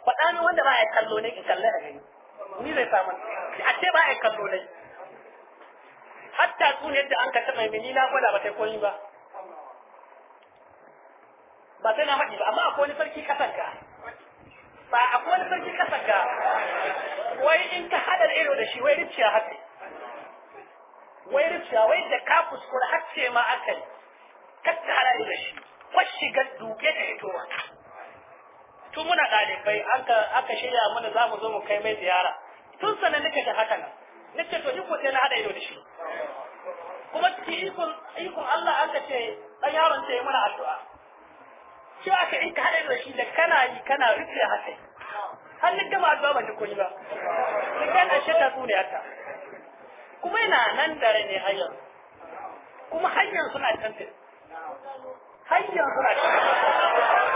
faɗa wanda ba ya kallo ne ki kalle a gani ni zai samu a ce ba ya kallo ne hatta tsuniyar da an ka mai mini na kwada ba ta koyi ba ba sai na faɗi ba amma akwai wani sarki ƙasar ka ba akwai wani sarki ƙasar ka wai in ka haɗa ero ido da shi wai ricciya haka wai rufciya wai da ka kuskura hacce ma aka yi kakka hada da shi kwashi ga duke da ito ba. tun muna ɗalibai aka shirya mana za mu zo mu kai mai ziyara tun sanar nake da haka nan na ce to ni ko sai na hada ido da shi kuma cikin ikon ikon Allah an ce dan yaron sai mana addu'a shi aka in ka hada ido da shi da kana yi kana rufe hasai har ni gama addu'a ban ji ba ni kan da shi ta tsune ta kuma ina nan dare ne har kuma hanyar suna tantar hanyar suna tantar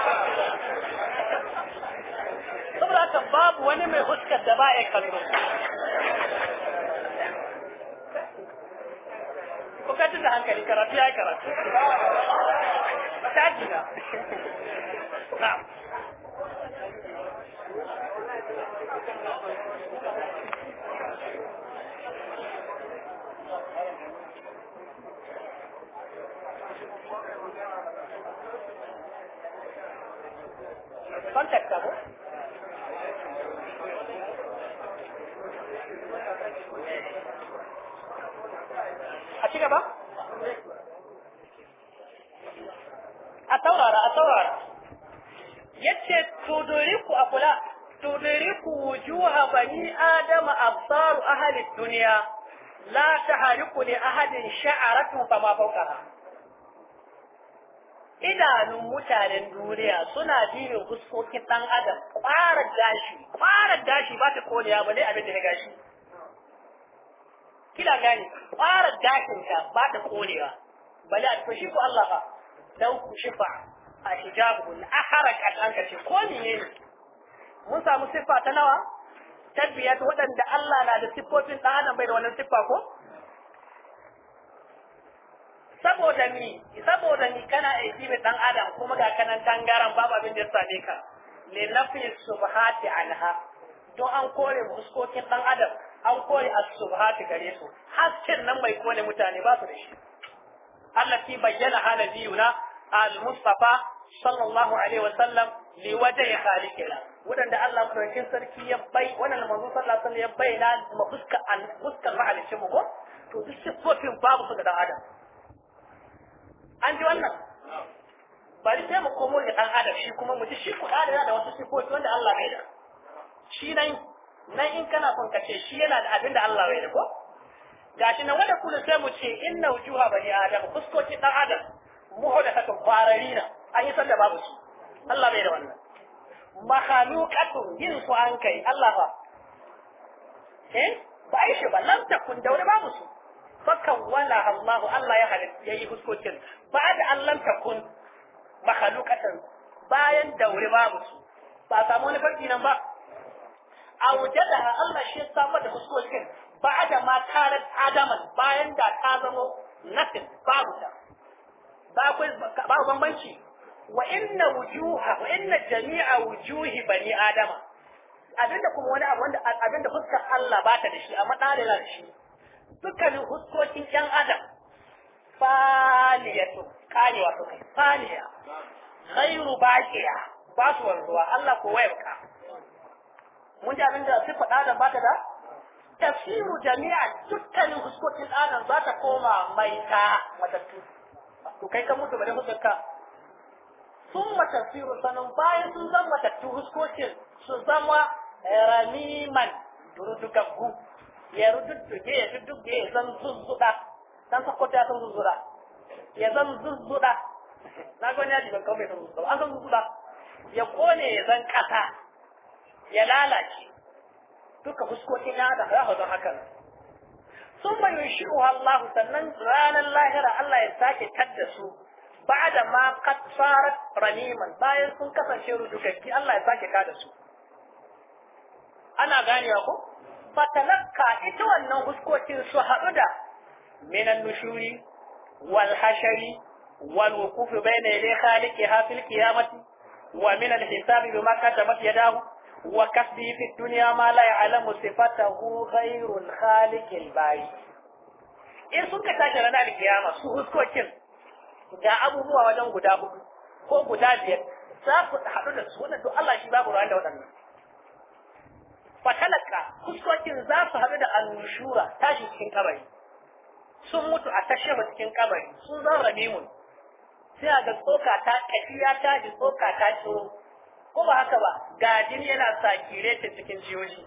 saboda haka babu wani mai huskar da ba ya kallo ko ka da hankali karatu ya karatu ta jina na'am Contactamos. a ci gaba a taurara a taurara yace tuduriku a kula tuduriku wujuha bani adama absaru ahli duniya la tahariku ne ahadin sha'aratu fama fawqaha idanun mutanen duniya suna jirin huskokin dan adam ƙwarar gashi ƙwarar gashi ba ta koliya ba ne abin da ya gashi kila gani fara gashin ka ba ta konewa bala ta shi ko Allah ba dan ku shifa a hijabu na aharaka an ka ce ko ne mun samu siffa ta nawa tabbiyat wadanda Allah na da sifofin dan adam bai da wannan siffa ko saboda ni saboda ni kana aiki mai dan adam kuma ga kanan tangaran babu abin da ya same ka li nafi subhati anha don an kore muskokin dan adam an kore as-subhat gare su hasken nan mai kone mutane ba su da shi Allah ki bayyana halajiyuna al-mustafa sallallahu alaihi wa sallam li wajhi khaliqina wadanda Allah madaukakin sarki ya bai wannan manzo sallallahu alaihi ya bai, na ma fuskar fuskar mahalicin mu ko to duk sifofin babu su ga dan adam an ji wannan bari sai mu komo da dan adam shi kuma mu ji shi kuɗa da wasu sifofi wanda Allah bai da shi nan nan in kana son ka shi yana da abin da Allah bai da ko gashi nan wanda kullu sai mu ce inna wujuha bani adam fuskoki dan adam muhdathatun kwararina an yi sanda babu su Allah bai da wannan makhluqatun yin su an kai Allah fa eh ba ai shi ba lam takun daure babu su fakan wala Allah Allah ya halitta yayi fuskokin ba da Allah takun makhluqatan bayan daure babu su ba samu wani farki nan ba A awjadaha Allah shi ya samar da fuskokin ba'da ma karat adama bayan da ta zama nafin babu ta babu bambanci wa inna wujuha wa inna jami'a wujuhi bani adama abinda kuma wani abu wanda abinda fuskar Allah ba ta da shi amma da da shi dukkanin huskokin ƴan adam faliyatu kanewa su kai faliya ghairu baqiya ba su wanzuwa Allah ko wayarka mun ji abin da sifa ɗanan ba ta da tafsiru jami'a dukkanin huskokin ɗanan za ta koma mai ta matattu to kai ka mutu bane huskarka sun matafsiru sanin bayan sun zama matattu huskokin su zama eh, ramiman rudugaggu ya rududduge ya dudduge ya zan zuzzuɗa dan sakkwato ya san zuzzuɗa ya zan zuzzuɗa na gwani ya ban kawai san zuzzuɗa an san zuzzuɗa ya kone ya zan ƙasa ya lalace duka fuskokin ya da za hakan sun mai yushi'uha Allah sannan ranar lahira Allah ya sake tadda su da ma qad raniman bayan sun kasance rujukakki Allah ya sake kada su ana ganewa ko talakka ita wannan fuskokin su haɗu da minan nushuri wal hashari wal wuqufi bayna yaday khaliqiha hafil qiyamati wa min al hisabi bima mat yadahu wa kasbi fi dunya ma la ya'lamu sifatahu ghayrul khaliqil bari in sun ka tashi ranar kiyama su huskokin ga abubuwa wajen guda uku ko guda biyar za ku haɗu da su wannan to Allah shi babu ruwan da waɗannan fatalaka huskokin za su haɗu da annushura tashi cikin kabari sun mutu a mu cikin kabari sun zama nemun sai a ga tsoka ta ƙafiya ta ji tsoka ta ciro ko ba haka ba ga jini yana sakire ta cikin jiyoyi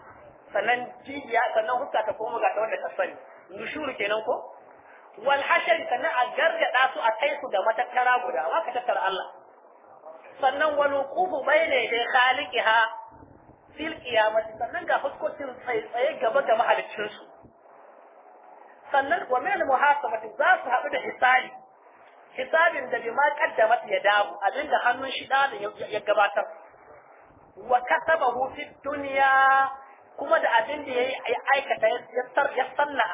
sannan jiya sannan huska ta koma ga ta wanda ta sani nushuru kenan ko wal hashari sannan a gargada su a kai su da matattara guda wa ka tattara Allah sannan wal wuqufu bayna da khaliqiha fil qiyamati sannan ga fuskokin tsaye gaba ga mahalicin su sannan wa min muhasabati za su haɗu da hisabi hisabin da bima ya yadahu abinda hannun shi da ya gabatar wa kasabahu fi dunya kuma da abin da yayi ya aikata ya sar ya sanna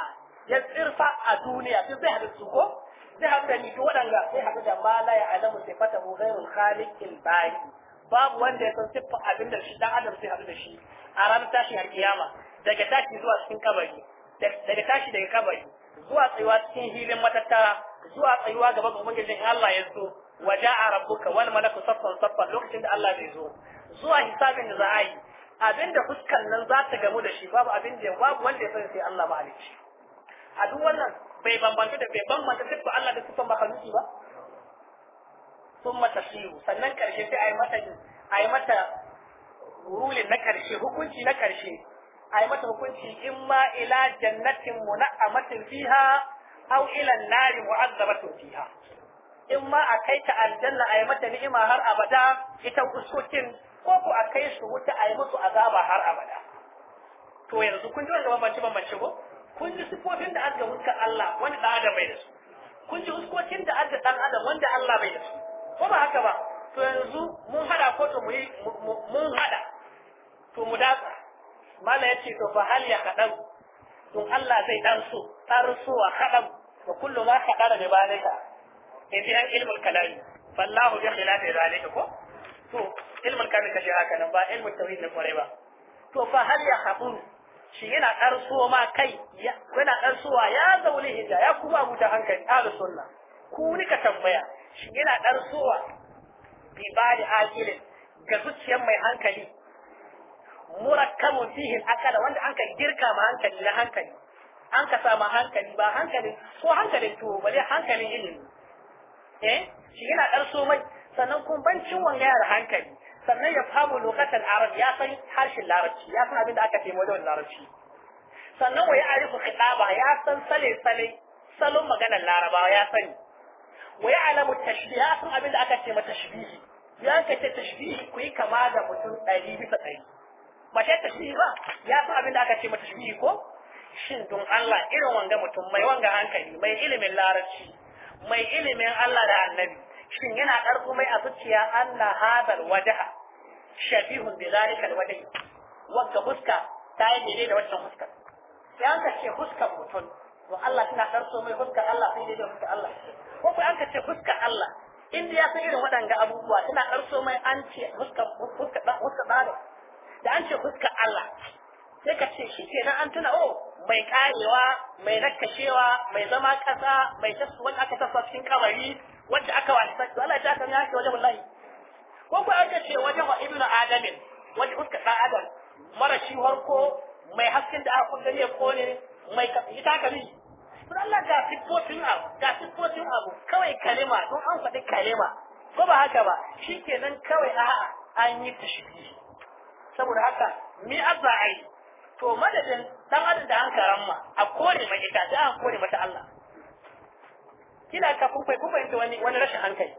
ya tsirfa a duniya sai zai su ko zai hadu da ni to wadanga sai hadu da ma la ya alamu sifatahu ghayrul khaliqil bari babu wanda ya san siffa abin da shi dan adam sai hadu da shi a ranar tashi har kiyama daga tashi zuwa cikin kabari daga tashi daga kabari zuwa tsayuwa cikin hilin matattara zuwa tsayuwa gaba ga ubangijin Allah ya zo so waja'a rabbuka wal malaku saffan saffan lokacin da Allah zai zo zuwa hisabin da za a yi abinda fuskan nan za ta gamu da shi babu abin da babu wanda ya sani sai Allah mahalicci a duk wannan bai bambanta da bai bambanta ba Allah da siffar makhluki ba sun mata shiru sannan karshe sai a yi mata a yi mata rulin na karshe hukunci na karshe a yi mata hukunci in ma ila jannatin muna'amatin fiha aw ila nari mu'azzabatin fiha in ma a kai ta aljanna a yi mata ni'ima har abada ita kuskokin ko ku a kai su wuta a yi musu azaba har abada to yanzu kun ji wanda bambance bambance ko kun ji sifofin da aka wuta Allah wanda da adam bai da su kun ji huskokin da aka dan adam wanda Allah bai da su ko ba haka ba to yanzu mun hada ko to mu yi mun hada to mu datsa mala yace to fa hal ya kadan to Allah zai dan so tarsuwa kadan wa kullu ma kadara bi balika idan ilmul kalami fallahu bi khilafi zalika ko to ilmin kamin kashe haka nan ba ilmin tauhid na kwarai ba to fa hal ya habu shi yana karso ma kai yana karsowa ya zaune hijja ya kuma huta hankali ala sunna ku ni ka tambaya shi yana karsowa bi da aqilin ga zuciyar mai hankali murakkamun fihin akala wanda anka girka ma hankali na hankali an ka sa ma hankali ba hankali, ko hankalin tuwo ba hankali hankalin ilimi eh shi yana karso mai sannan kun bancin wangayar hankali sannan ya fahimu lokacin arab ya san harshen larabci ya san abin da aka taimo da larabci sannan wa ya arifu khitaba ya san sale sale salon maganar larabawa ya sani wai alamu tashbih ya san abin da aka taimo tashbihi ya ka ce tashbihi ku yi kama da mutum ɗari bisa ɗari ba ta tashbihi ba ya san abin da aka taimo tashbihi ko shin don Allah irin wanga mutum mai wanga hankali mai ilimin larabci mai ilimin Allah da annabi shin yana karko mai a zuciya Allah hadal wajaha shabihun bi zalikal wajhi wanda fuska, ta yi daidai da wannan huskar sai an ka ce huskar mutum to Allah tana karso mai huskar Allah sai daidai huskar Allah ko ko an ka ce huskar Allah inda ya san irin waɗanga abubuwa tana karso mai an ce huskar huskar da da an ce huskar Allah sai ka ce shi kenan an tuna oh mai karewa mai rakkashewa mai zama ƙasa mai tasuwan aka tasa cikin kabari wanda aka wa hisabi to Allah ya ta kan yake wajen wallahi ko ko aka ce wajen wa ibnu adam wanda uska da adam mara shi harko mai hasken da aka gani ya kone mai ita ka bi to Allah ga sifofin abu ga sifofin abu kawai kalima don an faɗi kalima ko ba haka ba shikenan kawai a'a an yi tashbihi saboda haka mi azza ai to madadin dan adam da an karamma a kore mai ita da an kore mata Allah Kina ka kun fai kun wani wani rashin hankali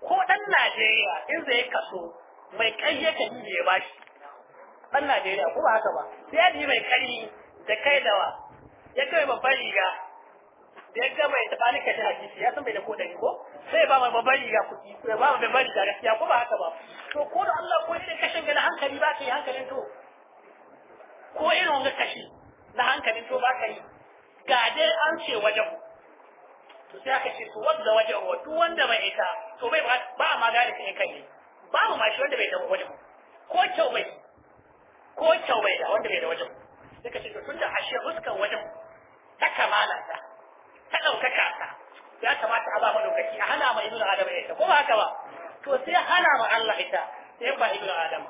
ko dan Najeriya in zai kaso mai kai yake yi ya bashi dan Najeriya ko ba haka ba sai yi mai kari da kai da wa? ya kai babban riga da ya ga mai tabani kai da hadisi ya san bai da kodari ko sai ba mai babban riga kuɗi sai ba mai babban riga gaskiya ko ba haka ba to ko da Allah ko shi kashin ga hankali ba ka yi hankalin to ko irin wanga kashi na hankalin to ba ka yi ga dai an ce wajen to sai aka ce to wanda waje wa duk wanda bai ita to bai ba ma gane kai kai ba mu ma shi wanda bai da waje ko kyau bai ko kyau bai da wanda bai da waje ka ce to tunda ashe fuskar waje ta kamala ta ta daukaka ta ya kamata a ba mu lokaci a hana ma ibnu adam ita ko ba haka ba to sai hana ma Allah ita sai ba ibnu adam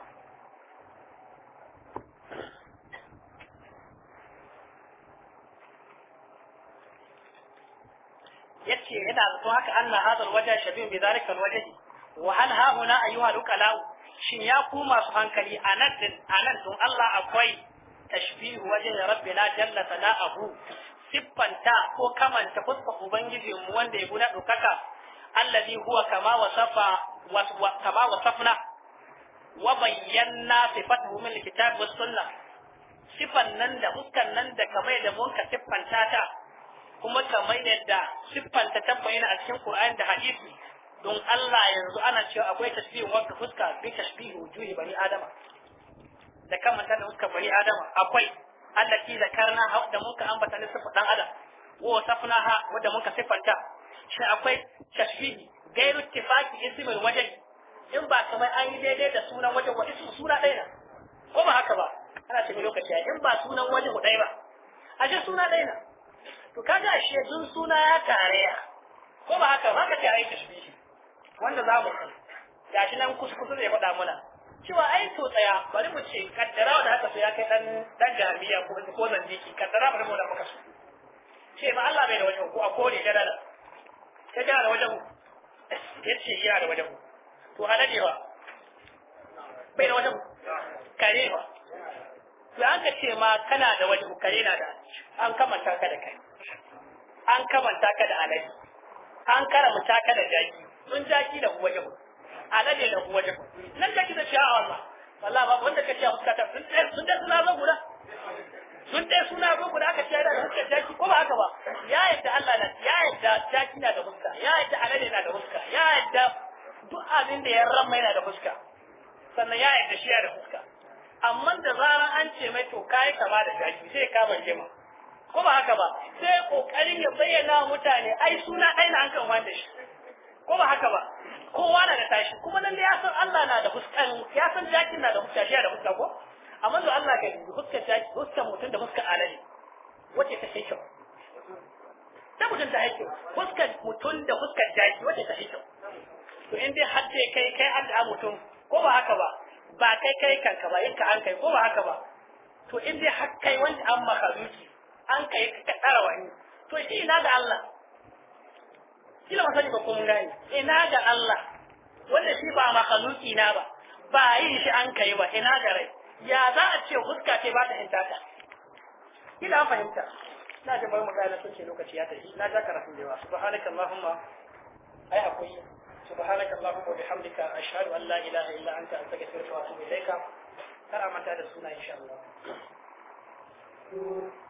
yace ina zato haka anna hadha alwajh shabih bi dhalika alwajh wa hal ha huna ayyuha alqala shin ya ku masu hankali anan din anan don Allah akwai tashbih wajh rabbina jalla sana'ahu siffanta ko kamanta fuskar ubangiji mu wanda ya guda dukaka allazi huwa kama wasafa kama wasafna wa bayyana sifatuhu min alkitab was sunnah sifan nan da huskan nan da kamar da mun ka siffanta ta kuma kamar yadda siffanta ta a cikin Qur'ani da hadisi don Allah yanzu ana cewa akwai tasbihu wata fuska bi tasbihu wujuhi bani adama da kamanta da fuskar bani adama akwai allati zakarna ha da muka ambata ne siffar dan adam wa ha wanda muka siffanta shi akwai tasbihu gairu tifaki ismi wajh in ba kamar an yi daidai da sunan wajen wa ismi suna ɗaya na ko ba haka ba ana cikin lokaci in ba sunan wajen ɗaya ba A ashe suna ɗaya na to kaga ashe dun suna ya tarayya ko ba haka ba ka tarayi tashbihi wanda za mu san gashi nan kuskusu zai faɗa muna cewa ai to tsaya bari mu ce kaddara da haka so ya kai dan dan jami'a ko ko diki kaddara bari mu da muka su ce ba Allah bai da wajen ko a kore da da ta da wajen yace ya da wajen to alade ba bai da wajen kare ba to an ka ce ma kana da wajen kare na da an kamanta ka da kai an kamanta ka da alade an karamta ka da jaki sun jaki da kuwa jabu alaji da kuwa jabu nan jaki da ciyawa Allah wallahi babu wanda ka ciyawa fuskata sun ɗaya sun ɗaya suna zo guda sun ɗaya suna zo guda aka ce da fuskar jaki ko ba haka ba ya yadda Allah na ya yadda jaki na da fuska ya yadda alade na da fuska ya yadda duk abin da ya ramma yana da fuska sannan ya yadda shi ya da fuska amma da zarar an ce mai to kai kama da jaki sai kama jima ko ba haka ba sai kokarin ya bayyana mutane ai suna ɗaya na an kan wanda shi ko ba haka ba kowa na da tashi kuma nan da ya san Allah na da fuskan ya san jakin na da fuska shi da fuska ko amma da Allah ka yi huskar jaki huskar mutum da huskar alali wace ta shi kyau ta mutum ta haike huskar mutum da huskar jaki wace ta shi kyau to in dai har dai kai kai an da mutum ko ba haka ba ba kai kai kanka ba yanka an kai ko ba haka ba to in dai har kai wanda an zuci an kai ka tsara wani to shi ina da Allah kila ba sani ba kun gani ina da Allah wanda shi ba makhluki na ba ba yi shi an kai ba ina da rai ya za a ce huska ce ba ta hintata kila an fahimta na ji bari magana sun ce lokaci ya tafi na ja karatun da yawa subhanaka allahumma ai akwai subhanaka allahumma bihamdika ashhadu an la ilaha illa anta astaghfiruka wa atubu ilaika kar a manta da suna insha Allah